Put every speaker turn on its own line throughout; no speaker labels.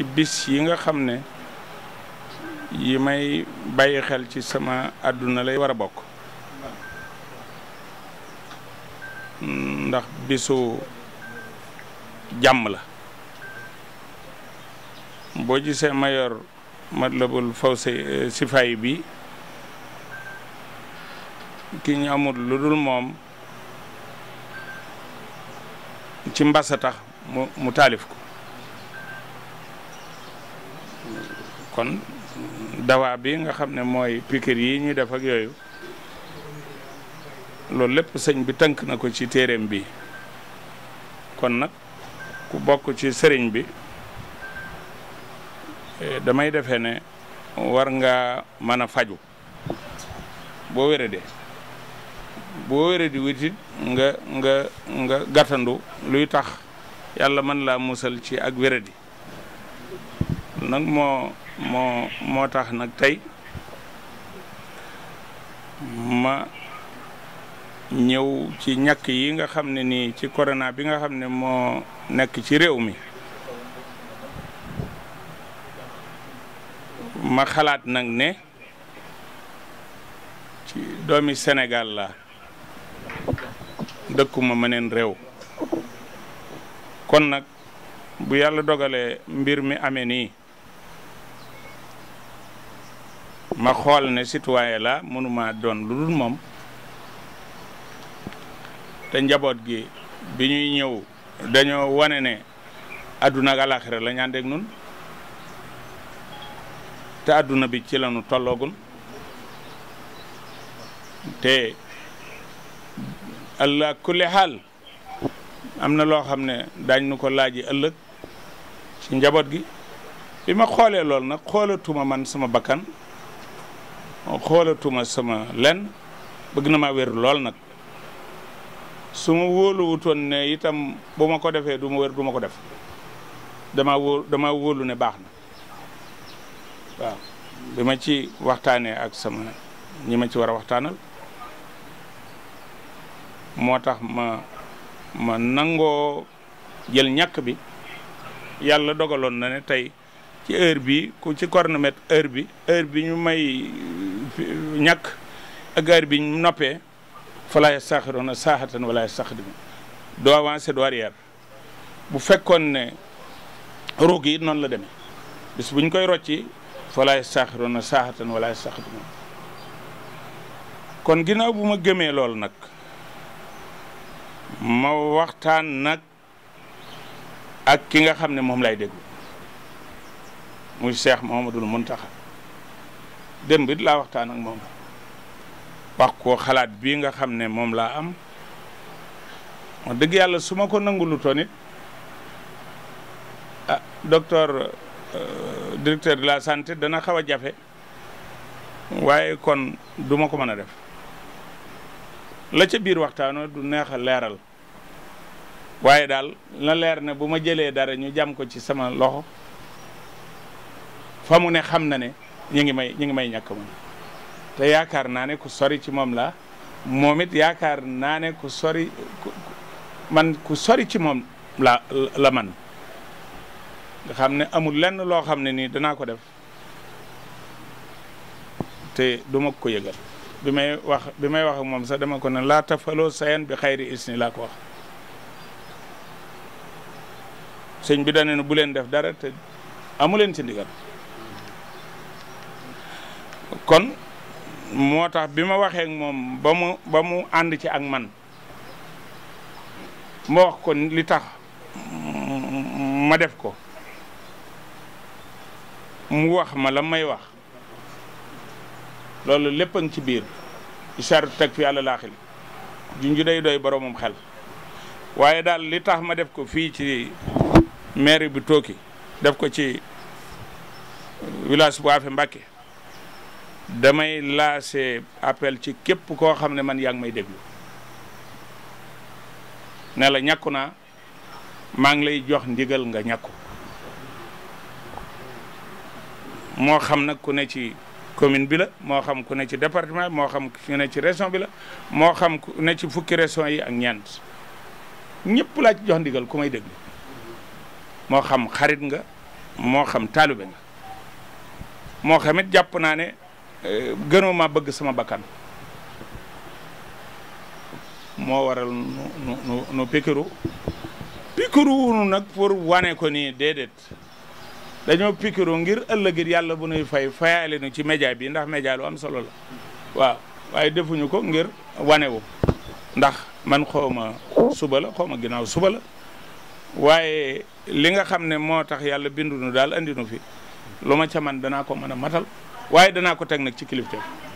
ci bis yi nga xam ne yi may bàyyi xel ci sama àdduna lay war a bokk ndax bisu jàmm la boo gisee mayor Matlabul Fawzayni eh, sifaay bi ki ñu amul moom ci mbasa tax mu taalif ko kon dawa bi nga xam ne mooy piqûre yi ñuy def ak yooyu loolu lépp sëñ bi tënk na ko ci téereem bi kon nag ku bokk ci sëriñ bi eh, damay defe ne war nga mën a faju boo wéradee boo wéradee witit nga nga nga gàttandu luy tax yàlla mën laa musal ci ak wéradi nag moo moo moo tax nag tey ma ñëw ci ñakk yi nga xam ne nii ci corona bi nga xam ne moo nekk ci réew mi ma xalaat nag ne ci doomi senegal la dëkkuma meneen réew kon nag bu yàlla dogalee mbir mi amee nii ma xool ne citoyen la mënuma doon lu dul moom te njaboot gi bi ñuy ñëw dañoo wane ne àdduna ak àlaaxira la ñaan dégg nun te àdduna bi ci lañu tolloogun te allah ku xaal am na loo xam ne daañ nu ko laaji ëllëg ci njaboot gi bi ma xoolee loolu nag xoolatuma man sama bakkan xoolatuma sama lenn bëgg na maa wér lool nag su ma wóoluwutoon ne itam bu ma ko defee du ma wér du ma ko def dama wóolu dama wóolu ne baax na waaw bi ma ci waxtaanee ak sama ñi ma ci war a waxtaanal moo tax ma ma nangoo jël ñàkk bi yàlla dogaloon na ne tey ci heure bi ku ci cornomètre heure bi heure bi ñu may ñàkk ak heure bi ñu noppee fa laay saaxiroona saaxatan wala saxdimi doo avancé doo arrière bu fekkoon ne ruug yi noonu la deme bis bu ñu koy rocci fa laay saaxiroona saaxatan wala saxdimi kon ginnaaw bu ma gëmee loolu nag ma waxtaan nag ak ki nga xam ne moom lay déglu muy Cheikh Mouhamadoul Mountakha démb it laa waxtaan ak moom wax ko xalaat bii nga xam ne moom laa am wax dëgg yàlla su ma ko nangu lu toon it ah docteur euh, directeur de la santé dana xaw a jafe waaye kon du ma ko mën a def la ca biir waxtaan wa du neex a leeral waaye daal na leer ne bu ma jëlee dara ñu jam ko ci sama loxo fa ne xam na ne ñu ngi may ñu ngi may ñàkk man te yaakaar naa ne ku sori ci moom la moom it yaakaar naa ne ku sori man ku sori ci moom la la man nga ne amul lenn loo xam ne nii danaa ko def te duma ma ko yëgal bi may wax bi may wax moom sax dema ko ne laa falo sayan bi xayri isni laa ko wax sëñ bi dane ne bu leen def dara te amu leen ci ndigal kon moo tax bi ma waxee moom ba mu ba ànd ci ak man ma wax ko li tax ma def ko mu wax ma la may wax loolu lépp a ngi ci biir isaru teg fi àlla laaxil junju day doy boroomam xel waaye daal li tax ma def ko fii ci mairie bu Tooki def ko ci village bu Afe Mbàkke damay lancé appel ci képp koo xam ne man yaa ngi may déglu ne la ñàkku naa maa ngi lay jox ndigal nga ñàkku moo xam nag ku ne ci commune bi la moo xam ku ne ci département moo xam ku ne ci région bi la moo xam ku ne ci fukki région yi ak ñeent ñëpp laa jox ndigal ku may déglu moo xam xarit nga moo xam taalibe nga moo xam jàpp naa ne Euh, gënoo ma bëgg sama bakkan moo waral nu nu nu pikiru pikiru wunu nag pour wane ko ni déedéet dañoo pikiru ngir ëllëgit yàlla bu nuy fay fayaale nu ci média bi ndax média lu am solo la waaw waaye defuñu ko ngir wane wu ndax man xawma suba la xawma ginnaaw suba waaye li nga xam ne moo tax yàlla bindu nu daal andi fi lu ma ca man danaa ko mën a matal waaye danaa ko teg nag ci kilifteef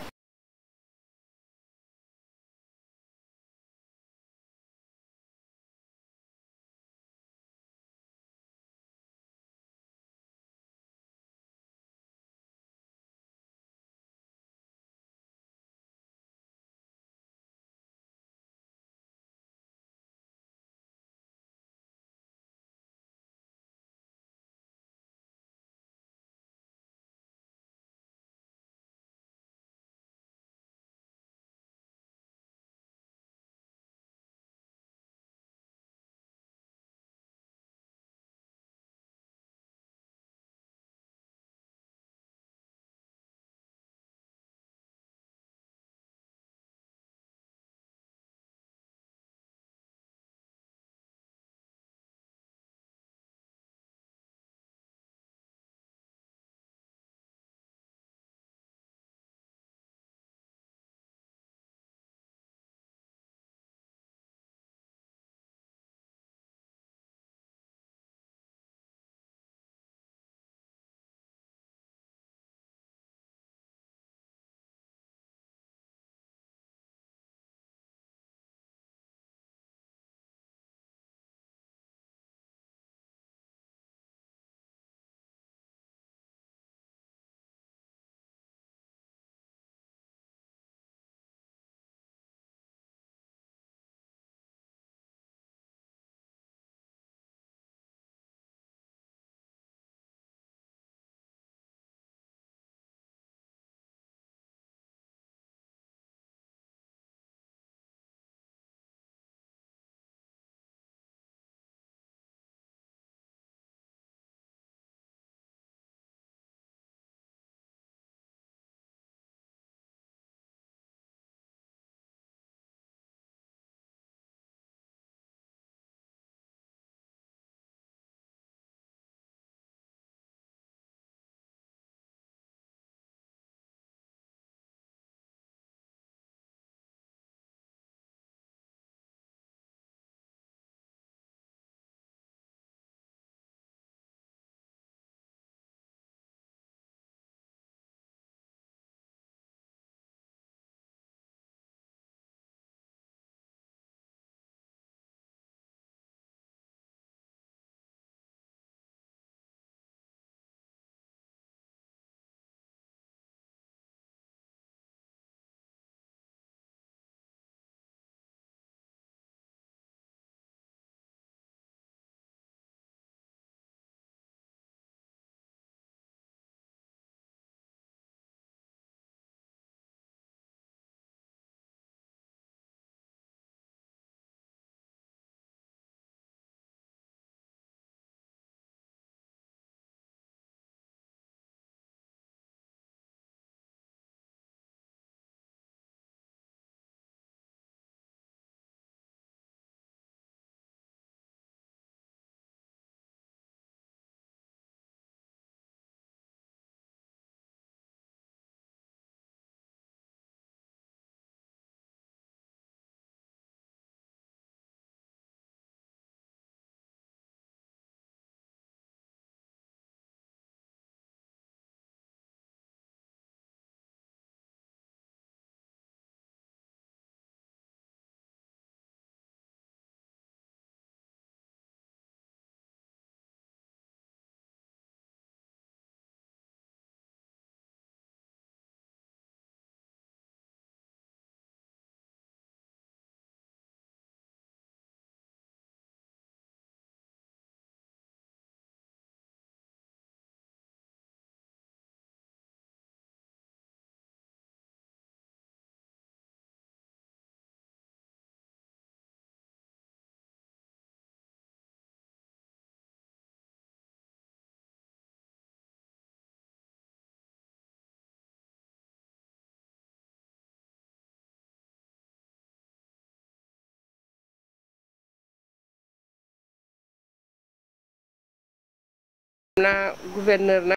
naa gouverneur nag